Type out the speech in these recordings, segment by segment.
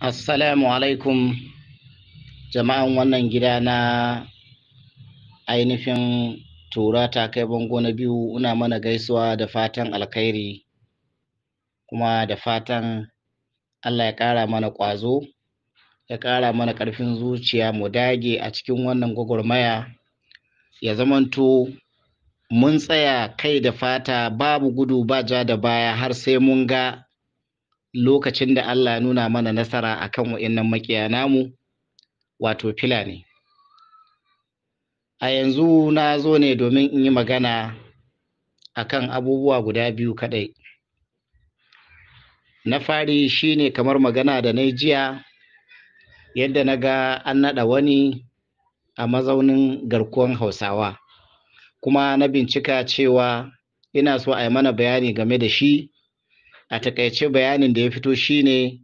assalamu alaikum jama'an wannan gida na ainihin tura ta kai bango na biyu una mana gaisuwa da fatan alkhairi kuma da fatan allah ya ƙara mana ƙwazo ya ƙara mana ƙarfin zuciya mu dage a cikin wannan gwagwarmaya ya zamanto mun tsaya kai da fata babu gudu ba ja da baya har sai mun ga lokacin da Allah nuna mana nasara akan wa'innan makiya namu wato Fulani. A yanzu na zo ne domin in yi magana akan abubuwa guda biyu kaɗai. Na fari shi ne kamar magana da na jiya yadda na ga an naɗa wani a mazaunin garkuwan Hausawa, kuma na bincika cewa ina so a yi mana bayani game da shi. a takaice bayanin da ya fito shine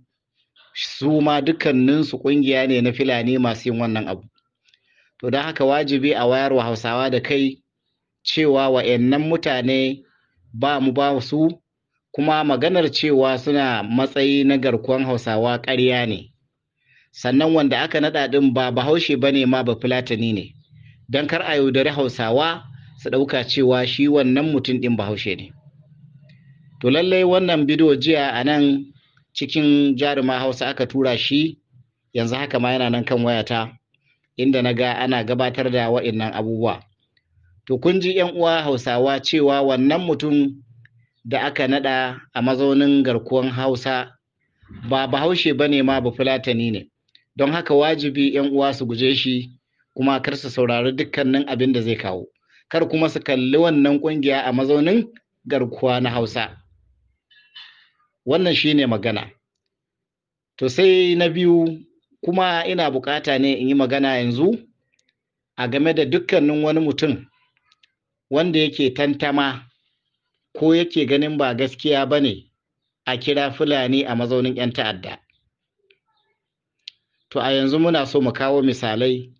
su ma dukkaninsu ƙungiya ne na filani masu yin wannan abu. To don haka wajibi a wayar wa Hausawa da kai cewa wa'yannan mutane ba mu ba su kuma maganar cewa suna matsayi na garkuwan Hausawa ƙarya ne. Sannan wanda aka naɗa ɗin ba bahaushe ba ne ma ba filatani ne, don kar a yaudari Hausawa su ɗauka cewa shi wannan mutum ɗin bahaushe ne. to lallai wannan bidiyo jiya a nan cikin jaruma hausa aka tura shi yanzu haka ma yana nan kan wayata inda na ga ana gabatar da wa'innan abubuwa to kun ji yan uwa hausawa cewa wannan mutum da aka nada a mazaunin garkuwan hausa ba bahaushe ba ne ma ba bafulatani ne don haka wajibi yan uwa su guje shi kuma kar su saurari dukkanin abin da zai kawo kar kuma su kalli wannan kungiya a mazaunin garkuwa na hausa wannan shi ne magana to sai na biyu kuma ina bukata ne in yi magana yanzu a game da dukkanin wani mutum wanda yake tantama ko yake ganin ba gaskiya ba ne a kira fulani a mazaunin 'yan ta'adda to a yanzu muna so mu kawo misalai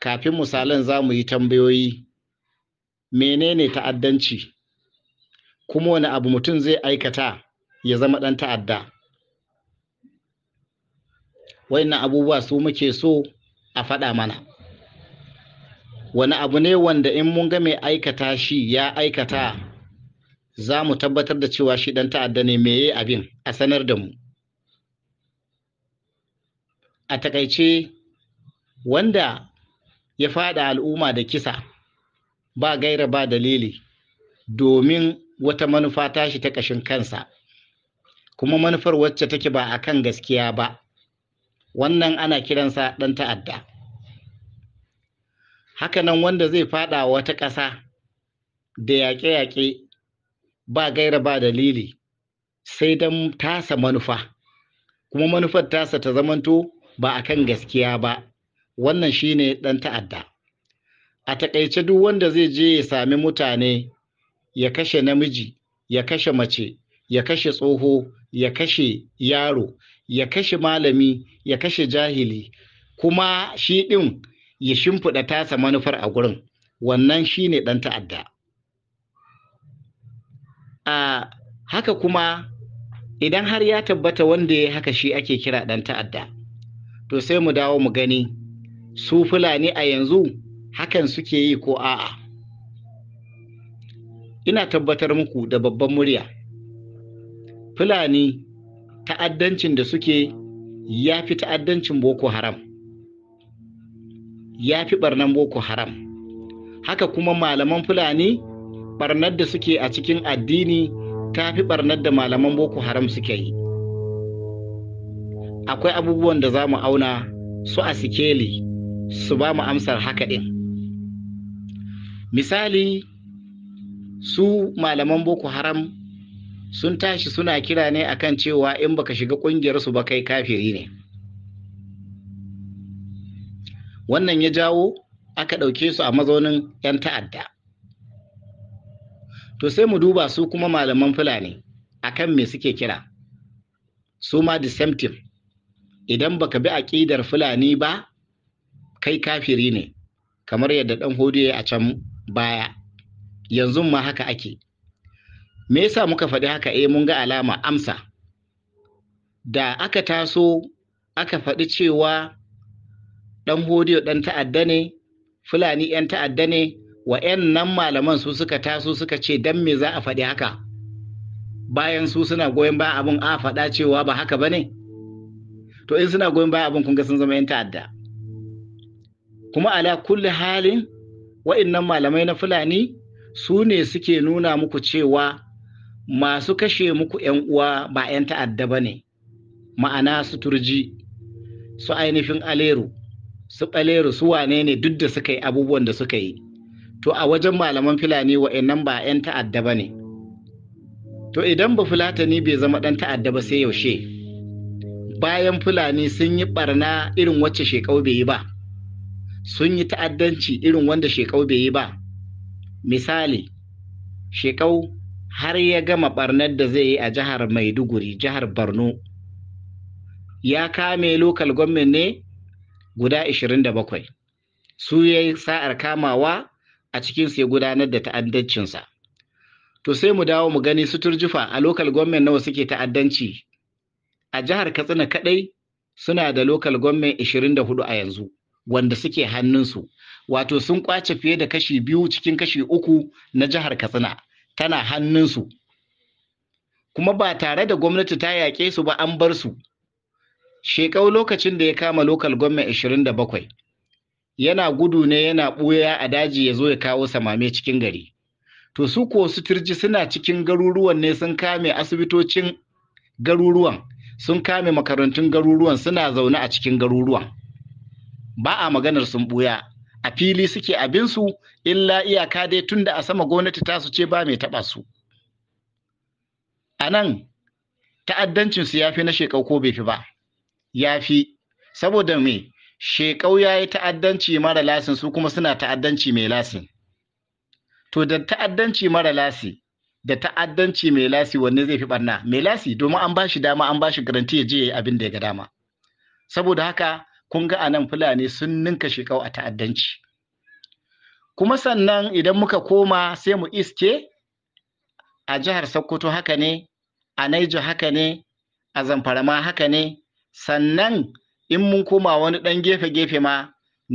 kafin misalan za mu yi tambayoyi menene ta'addanci kuma wani abu mutum zai aikata ya zama ɗan ta'adda wayannan abubuwa su muke so a faɗa mana wani abu ne wanda in mun ga mai aikata shi ya aikata za mu tabbatar da cewa shi ɗan ta'adda ne meye abin a sanar da mu a takaice wanda ya faɗa al'umma da kisa ba gaira ba dalili domin wata manufa tashi ta ƙashin kansa kuma mm. manufar wacce take ba a kan gaskiya ba wannan ana kiransa ɗan ta'adda hakanan wanda zai faɗa wata ƙasa da yaƙe-yaƙe ba gaira ba dalili sai don tasa manufa kuma manufar tasa ta zamanto ba a kan gaskiya ba wannan shine ɗan ta'adda a taƙaice duk wanda zai je ya sami mutane ya kashe namiji ya kashe mace ya kashe tsoho ya kashe yaro ya kashe malami ya kashe jahili kuma shi ɗin ya shimfiɗa tasa manufar a gurin wannan shi ne ɗan ta'adda a haka kuma idan har ya tabbata wanda ya haka shi ake kira ɗan ta'adda to sai mu dawo mu gani su fulani a yanzu hakan suke yi ko a'a ina tabbatar muku da babban murya fulani ta'addancin da suke ya fi ta'addancin boko haram ya fi barnan boko haram haka kuma malaman fulani ɓarnar da suke a cikin addini ta fi barnar da malaman boko haram suke yi akwai abubuwan da za mu auna su a sikeli su ba mu amsar haka ɗin misali su malaman boko haram sun tashi suna kira ne akan cewa in baka shiga ƙungiyarsu ba kai kafiri ne wannan ya jawo aka ɗauke su a mazaunin 'yan ta'adda to sai mu duba su kuma malaman fulani akan me suke kira su ma deceptive idan baka bi aƙidar fulani ba kai kafiri ne kamar yadda ɗan hudu ya a can baya yanzu ma haka ake me yasa muka faɗi haka eh mun ga alama amsa da aka taso aka faɗi cewa ɗan hodiyo ɗan ta'adda ne fulani 'yan ta'adda ne nan malaman su suka taso suka ce dan me za a faɗi haka bayan su suna goyon ba abin a faɗa cewa ba haka ba ne to in suna goyon ba abin kun ga sun zama 'yan ta'adda kuma ala kulli halin wa'in nan malamai na fulani su ne suke nuna muku cewa masu kashe muku ‘yan uwa ba ‘yan ta'adda ba ne, ma'ana su turji, su ainihin aleru, su ɓaleru su wane ne duk da suka yi abubuwan da suka yi. To a wajen malaman Fulani wa'annan ba ‘yan ta'adda ba ne. To idan ba Fulatani bai zama ɗan ta'adda ba sai yaushe, bayan Fulani sun yi ɓarna irin wacce shekau bai yi ba, sun yi ta'addanci irin wanda shekau bai yi ba. Misali, shekau har ya gama barnar da zai yi a jihar maiduguri jihar borno ya kame lokal gwamnan ne guda 27 su ya yi sa'ar kamawa a cikinsu ya gudanar da ta'addancinsa to sai mu dawo mu gani su suturjufa a lokal gwamnan nawa suke ta'addanci a jihar katsina kaɗai suna da lokal gwamnan 24 a yanzu wanda suke hannunsu wato sun kwace fiye da kashi biyu cikin kashi uku na jihar katsina tana hannunsu kuma ba tare da gwamnati ta yaƙe su ba an bar su shekau lokacin da ya kama lokal gwamna 27 yana gudu ne yana ɓuya a daji ya zo ya kawo samame cikin gari to su ko su turji suna cikin garuruwan ne sun kame asibitocin garuruwan sun kame makarantun garuruwan suna zaune a cikin garuruwan ba a maganar sun ɓuya a fili suke abinsu illa iyaka dai tunda a sama gwamnati tasu ce ba mai taɓa su a nan ta'addancinsu ya fi na shekau ko bai fi ba ya fi saboda me shekau ya yi ta'addanci mara lasin su kuma suna ta'addanci mai lasin to da ta'addanci mara lasi da ta'addanci mai lasi wanne zai fi barna mai lasi domin an ba shi dama an ba shi garanti ya je ya abin da ya ga dama saboda haka kun ga anan fulani sun ninka shekau a ta'addanci kuma sannan idan muka koma sai mu iske a jihar sokoto haka ne a naija haka ne a zamfara ma haka ne sannan in mun koma wani ɗan gefe-gefe ma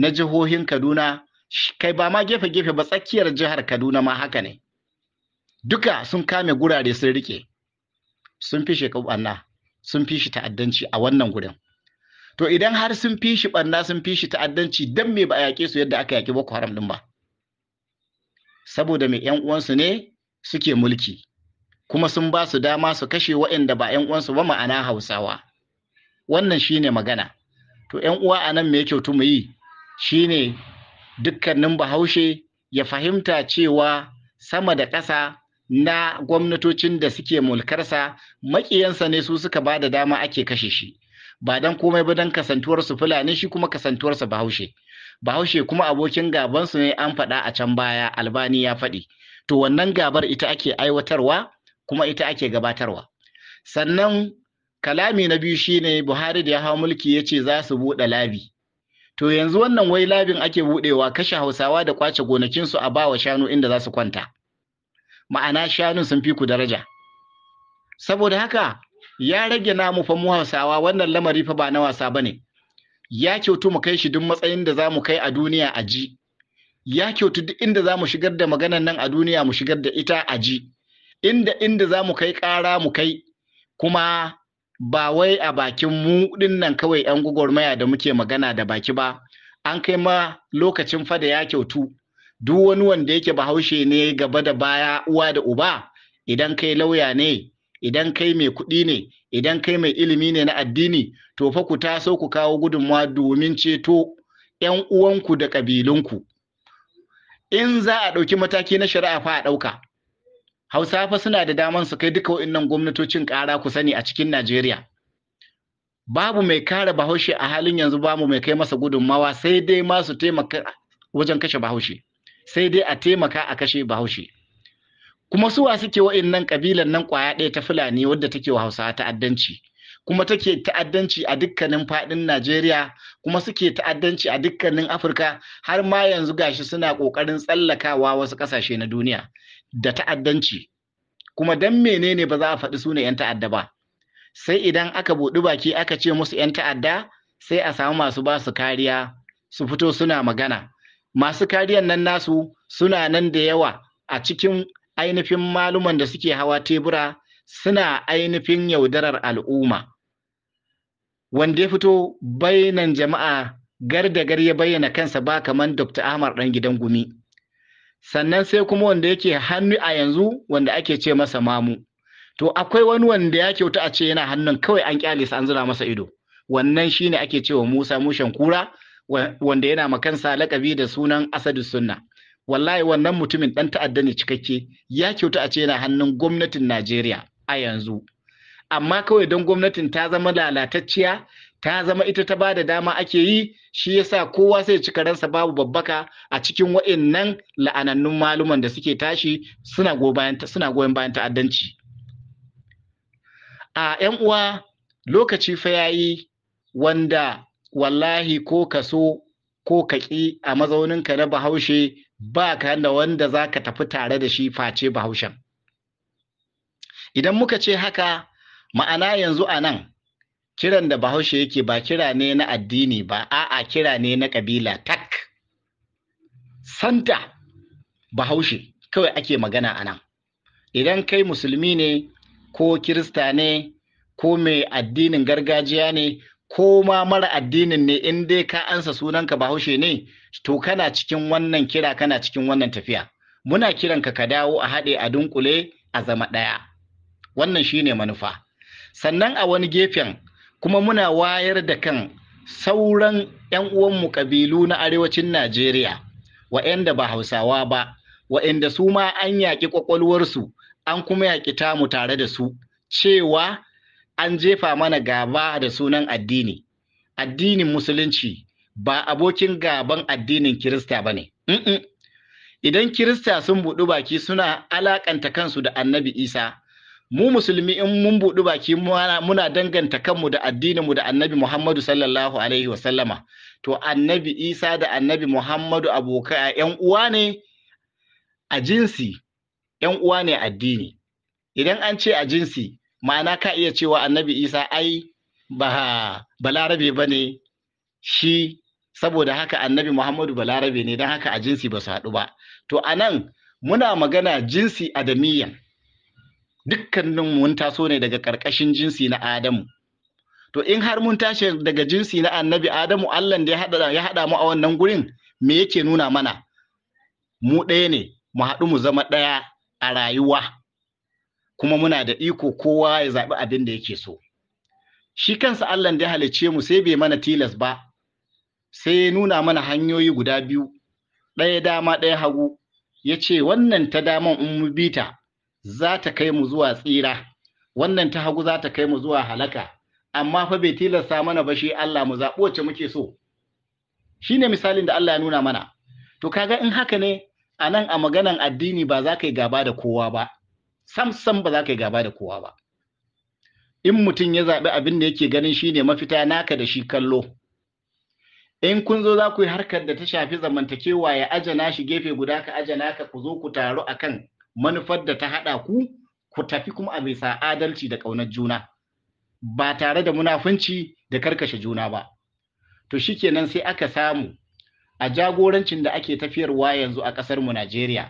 na jihohin kaduna kai ba ma gefe-gefe ba tsakiyar jihar kaduna ma haka ne duka sun kame gurare sun rike sun fi shekau anna sun fi shi ta'addanci a wannan gurin to idan har sun fi shi ɓanna sun fi shi ta'addanci don me ba a yaƙe su yadda aka yaƙi boko haram ɗin ba saboda mai yan uwansu ne suke mulki kuma sun ba su dama su kashe waɗanda ba yan uwansu ba ma'ana hausawa wannan shine magana to yan uwa a nan me kyautu mu yi shine dukkanin bahaushe ya fahimta cewa sama da ƙasa na gwamnatocin da suke mulkarsa maƙiyansa ne su suka ba da dama ake kashe shi ba dan komai ba dan kasantuwar su Fulani shi kuma kasantuwar sa Bahaushe Bahaushe kuma abokin gaban su ne an faɗa a can baya Albani ya faɗi to wannan gabar ita ake aiwatarwa kuma ita ake gabatarwa sannan kalami na biyu shine Buhari da ya hau mulki yace za su buɗe labi to yanzu wannan wai labin ake buɗewa kashe Hausawa da kwace gonakin su a bawa shanu inda za su kwanta ma'ana shanun sun fi ku daraja saboda haka ya rage namu fa mu Hausawa wannan lamari fa ba na wasa bane ya kyautu mu kai shi duk matsayin da zamu kai a duniya a ji ya kyautu duk inda zamu shigar da maganan nan a duniya mu shigar da ita a ji inda inda mu kai ƙara mu kai kuma ba wai a bakin mu din nan kawai yan gwagwarmaya da muke magana da baki ba an kai ma lokacin fa da ya kyautu duk wani wanda yake bahaushe ne gaba da baya uwa da uba idan kai lauya ne idan kai mai kuɗi ne idan kai mai ilimi ne na addini to fa ku taso ku kawo gudunmawa domin ceto 'yan uwanku da ƙabilunku in za a ɗauki mataki na shari'a fa a ɗauka hausa fa suna da daman su kai duka wa'innan gwamnatocin ƙara ku sani a cikin najeriya babu mai kare bahaushe a halin yanzu babu mai kai masa gudunmawa sai dai ma su taimaka wajen kashe bahaushe sai dai a taimaka a kashe bahaushe Kuma suwa suke suke nan kabilan nan kwaya ɗaya ta Fulani wadda take wa Hausawa ta'addanci. Kuma take ta'addanci a dukkanin faɗin Najeriya kuma suke ta'addanci a dukkanin Afirka har ma yanzu gashi suna ƙoƙarin tsallakawa wasu ƙasashe na duniya da ta'addanci. Kuma dan menene ba za a faɗi su ne 'yan ta'adda ba. Sai idan aka buɗi baki aka ce musu 'yan ta'adda sai a samu masu ba su kariya su fito suna magana. Masu kariyan nan nasu suna nan da yawa a cikin ainihin maluman da suke hawa tebura suna ainihin yaudarar al'umma wanda ya fito bainan jama'a gar da gar ya bayyana kansa ba kaman Dr. Ahmad ɗan gidan gumi sannan sai kuma wanda yake hannu a yanzu wanda ake ce masa mamu to akwai wani wanda ya kyauta a ce yana hannun kawai an ƙyale sa an zura masa ido wannan shine ake cewa Musa Mushen Kura wanda yana makansa lakabi da sunan Asadu Sunna wallahi wannan mutumin ɗan ta'adda ne cikakke ya kyauta a ce yana hannun gwamnatin Najeriya a yanzu amma kawai don gwamnatin ta zama lalatacciya ta zama ita ta ba da dama ake yi shi yasa kowa sai cika ransa babu babbaka a cikin nan la'anannun maluman da suke tashi suna goyon bayan ta'addanci a yan uwa lokaci fa yayi wanda wallahi ko kaso ko ka ƙi a mazauninka na bahaushe ba ka da wanda za ka tafi tare da shi face bahaushen idan muka ce haka ma'ana yanzu a nan kiran da bahaushe yake ba kira ne na addini ba a'a kira ne na kabila tak santa bahaushe kawai ake magana a nan idan kai musulmi ne ko kirista ne ko mai addinin gargajiya ne ko ma mara addinin ne in dai ka ansa sunanka bahaushe ne to kana cikin wannan kira kana cikin wannan tafiya muna kiran ka ka dawo a haɗe a dunkule a zama ɗaya wannan shine manufa sannan a wani gefen kuma muna wayar da kan sauran 'yan uwanmu ƙabilu na arewacin najeriya waanda ba hausawa ba wa'anda su ma an yaƙi ƙwaƙwalwarsu an kuma yaƙi mu tare da su cewa an jefa mana gaba da sunan addini addinin musulunci ba abokin gaban addinin Kirista ba ne. Idan Kirista sun buɗu baki suna alaƙanta kansu da annabi Isa, mu musulmi in mun buɗu baki muna danganta kanmu da addininmu da annabi Muhammadu sallallahu Alaihi wasallama. To annabi Isa da annabi Muhammadu abokai uwa ne a jinsi, uwa ne addini. Idan an ce a jinsi, ma'ana ka iya cewa annabi Isa ai ba balarabe ba ne shi saboda haka annabi Muhammadu balarabe ne don haka a jinsi ba su haɗu ba to a nan muna magana jinsi adamiyan dukkanin mun taso ne daga ƙarƙashin jinsi na Adamu to in har mun tashi daga jinsi na annabi Adamu Allah da ya haɗa mu a wannan gurin me yake nuna mana mu ɗaya ne mu haɗu mu zama ɗaya a rayuwa kuma muna da iko kowa ya zaɓi abin da yake so shi kansa Allah da ya halicce mu sai bai mana tilas ba sai ya nuna mana hanyoyi guda biyu ɗaya dama ɗaya hagu ya ce wannan ta daman in mu bi ta za ta kai mu zuwa tsira wannan ta hagu za ta kai mu zuwa halaka amma fa bai tilasta mana ba shi Allah mu zaɓi wacce muke so Shi ne misalin da Allah ya nuna mana to kaga in haka ne a nan a maganan addini ba za ka yi gaba da kowa ba sam sam ba za ka yi gaba da kowa ba in mutum ya zaɓi abin da yake ganin shi ne mafita naka da shi kallo in kun zo za ku yi harkar da ta shafi zamantakewa ya ajana shi gefe guda ka ajana ka ku zo ku taru a kan manufar da ta haɗa ku ku tafi kuma a bisa adalci da ƙaunar juna ba tare da munafunci da karkashe juna ba to shi shikenan sai aka samu a jagorancin da ake tafiyarwa yanzu a ƙasar mu Najeriya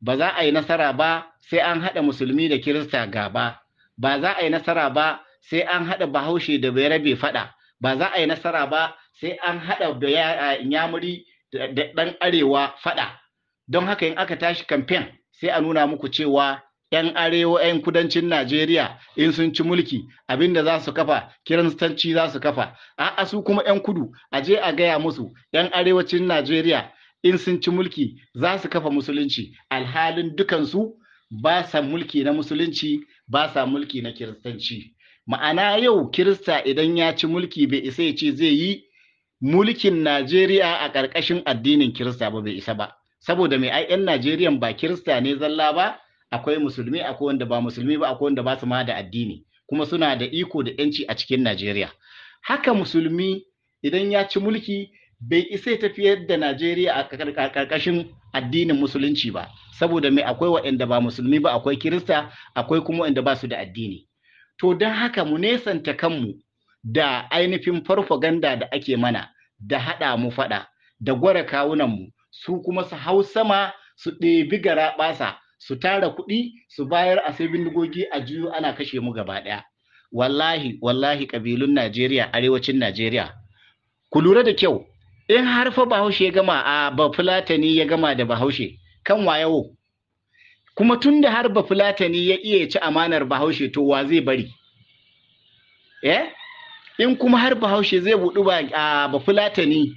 ba za a yi nasara ba sai an haɗa musulmi da kirista gaba ba za a yi nasara ba sai an haɗa bahaushe da bayarabe faɗa ba za a yi nasara ba sai an haɗa da yamuri da ɗan arewa faɗa don haka in aka tashi kamfen sai a nuna muku cewa 'yan arewa 'yan kudancin najeriya in sun ci mulki abinda za su kafa kiristanci za su kafa a'a su kuma 'yan kudu a je a gaya musu 'yan arewacin najeriya in sun ci mulki za su kafa musulunci alhalin dukansu ba sa mulki na musulunci ba sa mulki na kiristanci ma'ana yau kirista idan ya ci mulki bai isa ya ce zai yi mulkin Najeriya a ƙarƙashin addinin Kirista ba bai isa ba saboda mai ai 'yan Najeriyan ba Kirista ne zalla ba akwai musulmi akwai wanda ba musulmi ba akwai wanda ba su ma da addini kuma suna da iko da yanci a cikin Najeriya haka musulmi idan ya ci mulki bai isa ya tafiyar da Najeriya a ƙarƙashin addinin musulunci ba saboda mai akwai waɗanda ba musulmi ba akwai Kirista akwai kuma waɗanda ba su da addini to don haka mu nesanta kanmu da ainihin farfaganda da ake mana da haɗa mu faɗa da gwara kawunan mu, su kuma su hau sama su ɗebi gara ɓasa su tara kuɗi su bayar a sai bindigogi a juyo ana kashe mu gaba ɗaya wallahi wallahi ƙabilun najeriya arewacin najeriya ku lura da kyau in har fa bahaushe ya gama a bafulatani ya gama da bahaushe kan wayawo kuma tun da har bafulatani ya iya ci amanar bahaushe to wa zai bari eh in kuma har bahaushe zai buɗu ba a bafulatani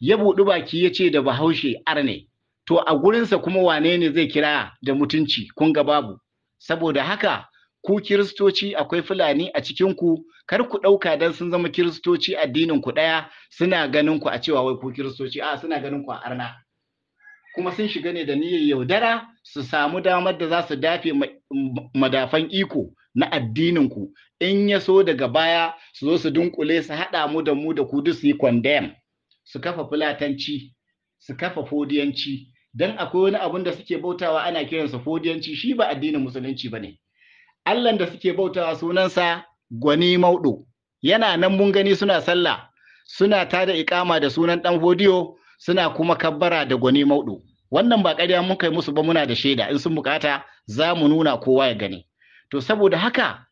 ya buɗu baki ya ce da bahaushe arne to a gurinsa kuma wane ne zai kira da mutunci kun ga babu saboda haka ku kiristoci akwai fulani a cikinku kar ku ɗauka don sun zama kiristoci addinin ku ɗaya suna ganin ku a cewa wai ku kiristoci a suna ganin ku a arna kuma sun shiga ne da niyyar yaudara su samu damar da za su dafe madafan iko na addinin ku in ya so daga baya su zo su dunkule su haɗa mu da mu da ku duk su yi condemn su kafa fulatanci su kafa fodiyanci don akwai wani abun da suke bautawa ana kiransa fodiyanci shi ba addinin musulunci ba ne allan da suke bautawa sunansa gwani maudo yana nan mun gani suna sallah suna tada ikama da sunan dan fodiyo suna kuma kabbara da gwani maudo wannan ba ƙarya mun kai musu ba muna da shaida in sun bukata za mu nuna kowa ya gani to saboda haka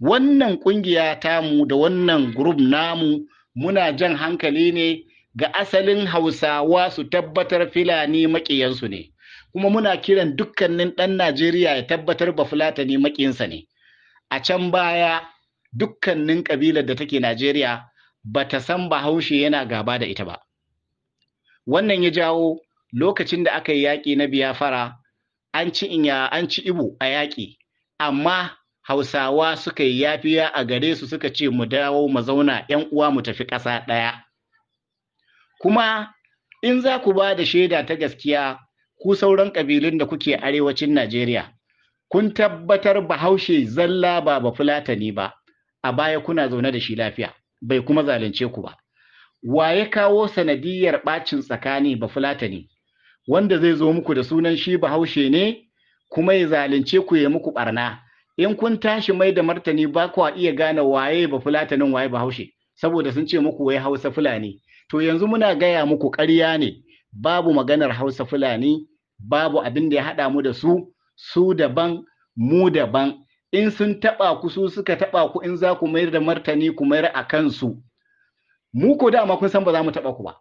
wannan kungiya mu da wannan group namu muna jan hankali ne ga asalin hausawa su tabbatar filani maƙiyansu ne kuma muna kiran dukkanin ɗan najeriya ya tabbatar ba fulatani maƙinsa ne a can baya dukkanin ƙabilar da take najeriya ba ta san bahaushe yana gaba da ita ba wannan ya jawo lokacin da aka yi yaƙi na biyafara an ci ibo a yaƙi amma Hausawa suka yi yafiya a gare su suka ce mu dawo mu zauna ‘yan uwa mu tafi ƙasa ɗaya. Kuma in za ku ba da shaida ta gaskiya ku sauran ƙabilun da kuke arewacin Najeriya, kun tabbatar bahaushe zalla ba ba fulatani ba, a baya kuna zaune da shi lafiya, bai kuma zalunce ku ba. Wa ya kawo sanadiyar ɓacin tsakani ba fulatani, wanda zai zo muku da sunan shi bahaushe ne, kuma ya zalunce ku ya muku ɓarna. in kun tashi mai da martani ba kuwa iya gane waye ba fulatanin waye ba haushe saboda sun ce muku wai hausa fulani to yanzu muna gaya muku ƙarya ne babu maganar hausa fulani babu abin da ya haɗa mu da su su daban mu daban in sun taɓa ku su suka taɓa ku in za ku mayar da martani ku mayar a kansu mu ko dama kun san ba za mu taɓa ku ba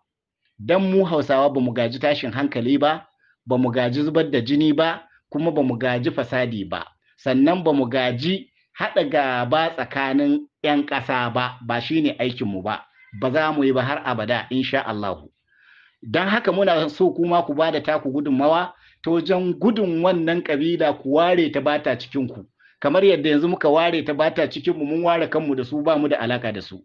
dan mu hausawa ba mu gaji tashin hankali ba ba mu gaji zubar da jini ba kuma ba mu gaji fasadi ba sannan ba mu gaji haɗa gaba tsakanin 'yan ƙasa ba ba shi ne aikinmu ba ba za mu yi ba har abada insha Allahu don haka muna so kuma ku ba da taku gudunmawa ta wajen gudun wannan ƙabila ku ware ta bata ta ku kamar yadda yanzu muka ware ta bata cikin cikinmu mun ware kanmu da su ba mu da alaka da su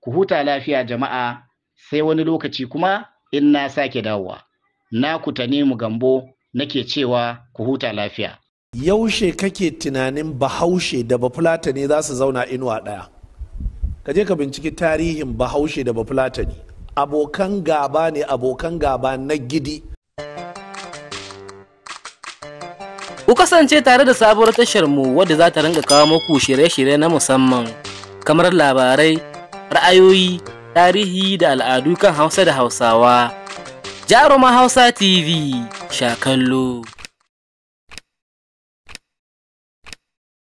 ku huta lafiya jama'a sai wani lokaci kuma in na sake dawowa na ku ta mu gambo nake cewa ku huta lafiya yaushe kake tunanin bahaushe da bafulata ne za su zauna inuwa ɗaya ka je ka binciki tarihin bahaushe da bafulata ne abokan gaba ne abokan gaba na gidi ku kasance tare da sabuwar tashar mu wadda za ta ringa kawo muku shirye-shirye na musamman kamar labarai ra'ayoyi tarihi da al'adu kan hausa da hausawa jaruma hausa tv shakallo